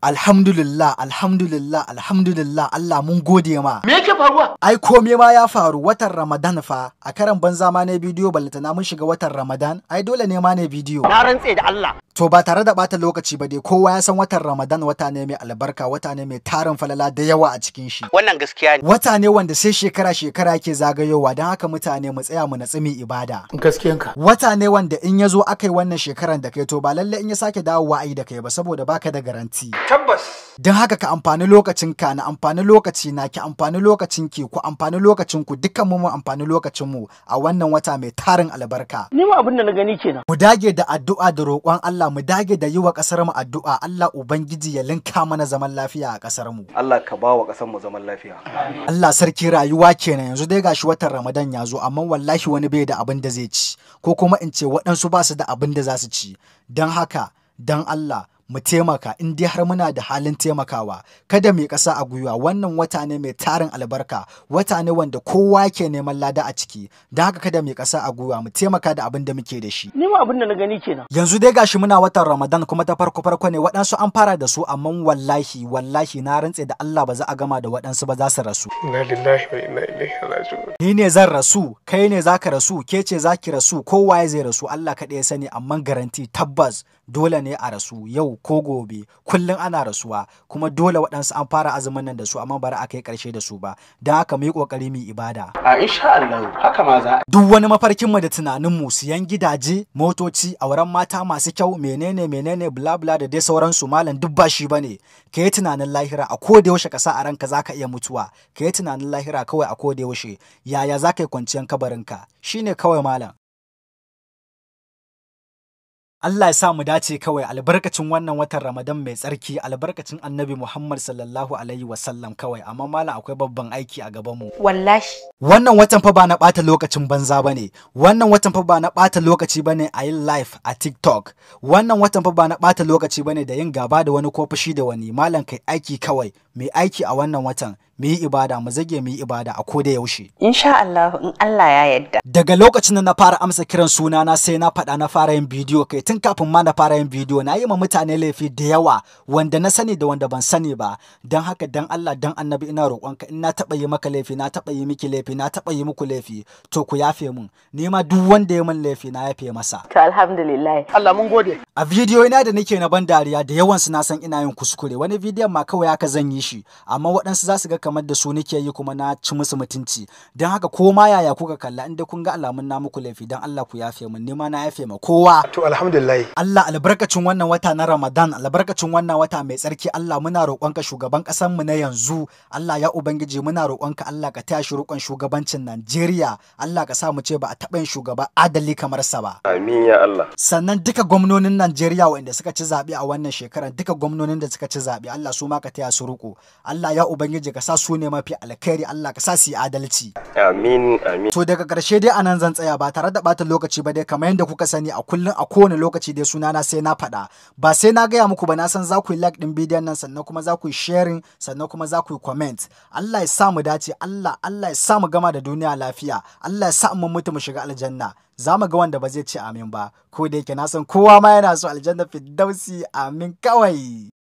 Alhamdulillah, alhamdulillah, alhamdulillah, Allah mun gode ma. Me yake faruwa? Ai kome ma ya faru watan Ramadan fa, a karan banza ma ne bidiyo ballatana mun shiga watan Ramadan, ai dole ne ma ne bidiyo. Na rantse da Allah. To ba tare da bata lokaci ba dai kowa ya san watan Ramadan wata ne mai albarka wata ne mai tarin falala da yawa a cikin shi. Wannan gaskiya ne. Wata ne wanda sai shekara shekara ke zagayowa don haka mutane mu tsaya mu natsi ibada. ibada. ka. Wata ne wanda in ya zo aka yi wannan shekaran da kai to ba lalle in ya sake dawowa ai da kai ba saboda baka da garanti. Tabbas. Don haka ka amfani lokacin ka na amfani lokaci na ki amfani lokacin ki ku amfani lokacin ku dukkan mu mu amfani lokacin mu a wannan wata mai tarin albarka. Ni ma abin da na gani kenan. Mu dage da addu'a da roƙon Allah mu dage da yi wa ƙasar mu addu'a Allah ubangiji ya linka mana zaman lafiya a ƙasar mu Allah ka ba wa ƙasar mu zaman lafiya Allah sarki rayuwa kenan yanzu dai gashi watan Ramadan ya zo amma wallahi wani bai da abin da zai ci ko kuma in ce waɗansu ba su da abin da za su ci don haka don Allah mu taimaka in dai har muna da halin taimakawa kada mai kasa a gwiwa wannan wata ne mai tarin albarka wata ne wanda kowa ke neman lada a ciki da haka kada mai kasa a gwiwa mu taimaka da abin da muke da shi ni ma abin da na gani kenan yanzu dai gashi muna watan Ramadan kuma ta farko farko ne waɗansu an fara da su amma wallahi wallahi na rantse da Allah ba za a gama da waɗansu ba za su rasu inna lillahi wa inna ilaihi raji'un ni ne zan rasu kai ne zaka rasu ke ce zaki rasu kowa ya zai rasu Allah kaɗai ya sani amma garanti tabbas dole ne a rasu yau ko gobe kullum ana rasuwa kuma dole waɗansu an fara azumin nan da su amma bari a kai ƙarshe da su ba don haka mu yi ƙoƙari mu ibada a insha Allah haka ma za duk wani mafarkin mu da tunanin mu siyan gidaje motoci auren mata masu kyau menene menene bla bla da dai sauransu malam duk ba shi bane ka tunanin lahira a ko da yaushe ka sa a ranka zaka iya mutuwa ka tunanin lahira kawai a ko da yaushe yaya zaka yi kwanciyar kabarinka shine kawai malam Allah ya sa mu dace kawai albarkacin wannan watan Ramadan mai tsarki albarkacin Annabi Muhammad sallallahu alaihi wasallam kawai amma malam akwai babban aiki a gaban mu wallahi wannan watan fa ba na bata lokacin banza bane wannan watan fa ba na bata lokaci bane a yin live a TikTok wannan watan fa ba na bata lokaci bane da yin gaba da wani ko fushi da wani malam kai aiki kawai mu aiki a wannan watan mu yi ibada mu zage mu yi ibada a koda yaushe insha Allah in Allah ya yarda daga lokacin da na fara amsa kiran suna na sai na faɗa na fara yin bidiyo kai tun kafin ma na fara yin bidiyo na yi ma mutane laifi da yawa wanda na sani da wanda ban sani ba dan haka dan Allah dan Annabi ina roƙonka in na taɓa yi maka laifi na taɓa yi miki laifi na taɓa yi muku laifi to ku yafe mun ni ma duk wanda ya min laifi na yafe masa to alhamdulillah Allah mun gode a bidiyo ina da nake na ban dariya da yawan su na san ina yin kuskure wani bidiyon ma kawai haka zan yi shi amma waɗansu za su ga kamar da su nake yi kuma na ci musu mutunci don haka ko ma yaya kuka kalla inda kun ga alamun na muku laifi don Allah ku yafe min ni ma na yafe ma kowa to alhamdulillah Allah albarkacin wannan wata na Ramadan albarkacin wannan wata mai tsarki Allah muna roƙonka shugaban ƙasar mu na yanzu Allah ya ubangiji muna roƙonka Allah ka taya shi roƙon shugabancin Najeriya Allah ka sa mu ce ba a taɓa yin shugaba adali kamar sa ba amin ya Allah sannan duka gwamnonin Najeriya waɗanda suka ci zaɓe a wannan shekarar duka gwamnonin da suka ci zaɓe Allah su ma ka taya su roƙo Allah ya ubangiji ka sa su ne mafi alkhairi Allah ka sa su yi adalci amin amin to daga karshe dai anan zan tsaya ba tare da bata lokaci ba dai kamar yadda kuka sani a kullun a kowane lokaci dai suna na sai na faɗa ba sai na gaya muku ba na san za ku yi like din bidiyon nan sannan kuma za ku yi sharing sannan kuma za ku yi comment Allah ya sa mu dace Allah Allah ya sa mu gama da duniya lafiya Allah ya sa mu mutu mu shiga aljanna za mu ga wanda ba zai ce amin ba ko da yake na san kowa ma yana so aljanna firdausi amin kawai